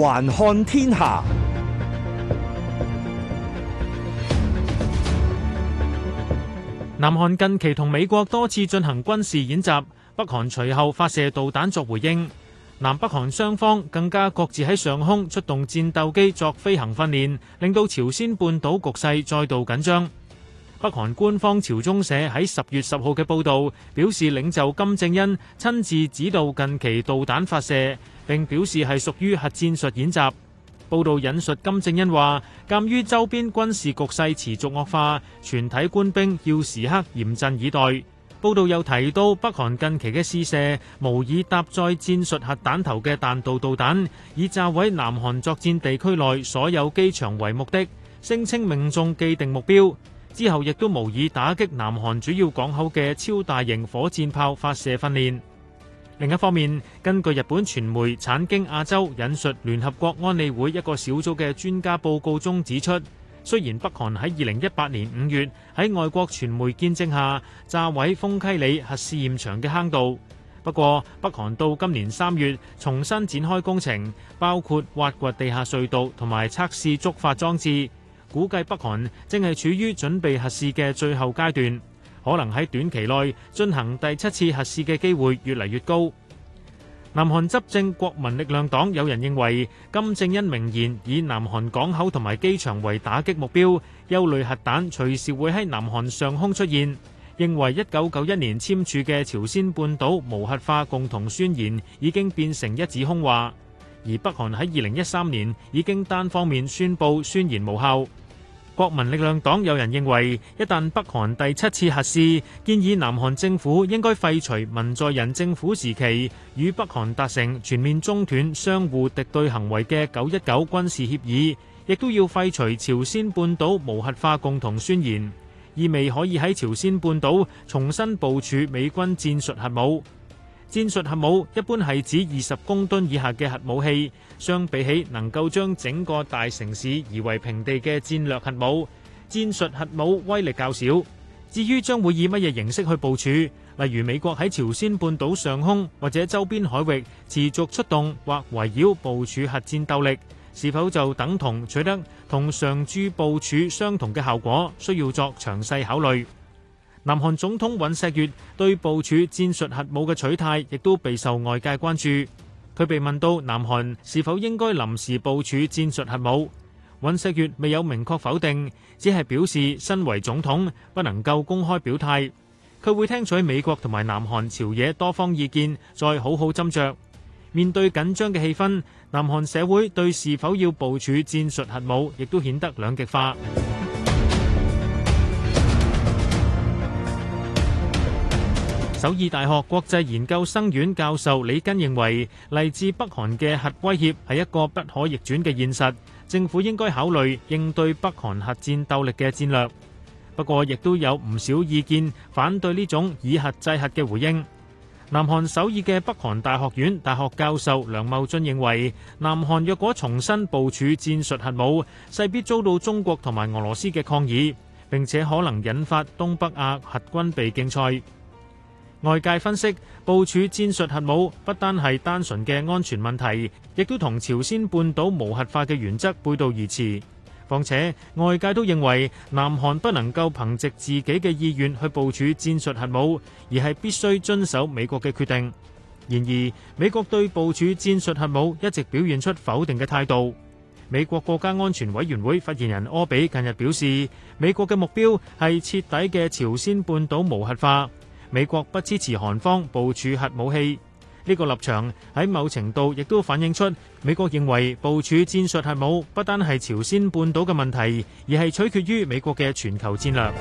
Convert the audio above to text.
環看天下，南韓近期同美國多次進行軍事演習，北韓隨後發射導彈作回應。南北韓雙方更加各自喺上空出動戰鬥機作飛行訓練，令到朝鮮半島局勢再度緊張。北韓官方朝中社喺十月十號嘅報導表示，領袖金正恩親自指導近期導彈發射，並表示係屬於核戰術演習。報導引述金正恩話，鑑於周邊軍事局勢持續惡化，全體官兵要時刻嚴陣以待。報導又提到，北韓近期嘅試射模擬搭載戰術核彈頭嘅彈道導彈，以炸毀南韓作戰地區內所有機場為目的，聲稱命中既定目標。之後亦都模擬打擊南韓主要港口嘅超大型火箭炮發射訓練。另一方面，根據日本傳媒產經亞洲引述聯合國安理會一個小組嘅專家報告中指出，雖然北韓喺二零一八年五月喺外國傳媒見證下炸毀豐溪里核試驗場嘅坑道，不過北韓到今年三月重新展開工程，包括挖掘地下隧道同埋測試觸發裝置。估計北韓正係處於準備核試嘅最後階段，可能喺短期內進行第七次核試嘅機會越嚟越高。南韓執政國民力量黨有人認為，金正恩明言以南韓港口同埋機場為打擊目標，憂慮核彈隨時會喺南韓上空出現，認為一九九一年簽署嘅朝鮮半島無核化共同宣言已經變成一紙空話。而北韓喺二零一三年已經單方面宣佈宣言無效。國民力量黨有人認為，一旦北韓第七次核試，建議南韓政府應該廢除文在寅政府時期與北韓達成全面中斷相互敵對行為嘅九一九軍事協議，亦都要廢除朝鮮半島無核化共同宣言，意味可以喺朝鮮半島重新部署美軍戰術核武。戰術核武一般係指二十公噸以下嘅核武器，相比起能夠將整個大城市夷為平地嘅戰略核武，戰術核武威力較少。至於將會以乜嘢形式去部署，例如美國喺朝鮮半島上空或者周邊海域持續出動或圍繞部署核戰鬥力，是否就等同取得同常駐部署相同嘅效果，需要作詳細考慮。南韓總統尹錫悅對部署戰術核武嘅取態，亦都備受外界關注。佢被問到南韓是否應該臨時部署戰術核武，尹錫悅未有明確否定，只係表示身為總統不能夠公開表態。佢會聽取美國同埋南韓朝野多方意見，再好好斟酌。面對緊張嘅氣氛，南韓社會對是否要部署戰術核武，亦都顯得兩極化。首爾大學國際研究生院教授李根認為，嚟自北韓嘅核威脅係一個不可逆轉嘅現實，政府應該考慮應對北韓核戰鬥力嘅戰略。不過，亦都有唔少意見反對呢種以核制核嘅回應。南韓首爾嘅北韓大學院大學教授梁茂俊認為，南韓若果重新部署戰術核武，勢必遭到中國同埋俄羅斯嘅抗議，並且可能引發東北亞核軍備競賽。外界分析，部署戰術核武不單係單純嘅安全問題，亦都同朝鮮半島無核化嘅原則背道而馳，況且，外界都認為南韓不能夠憑借自己嘅意願去部署戰術核武，而係必須遵守美國嘅決定。然而，美國對部署戰術核武一直表現出否定嘅態度。美國國家安全委員會發言人柯比近日表示，美國嘅目標係徹底嘅朝鮮半島無核化。美國不支持韓方部署核武器，呢個立場喺某程度亦都反映出美國認為部署戰術核武不單係朝鮮半島嘅問題，而係取決於美國嘅全球戰略。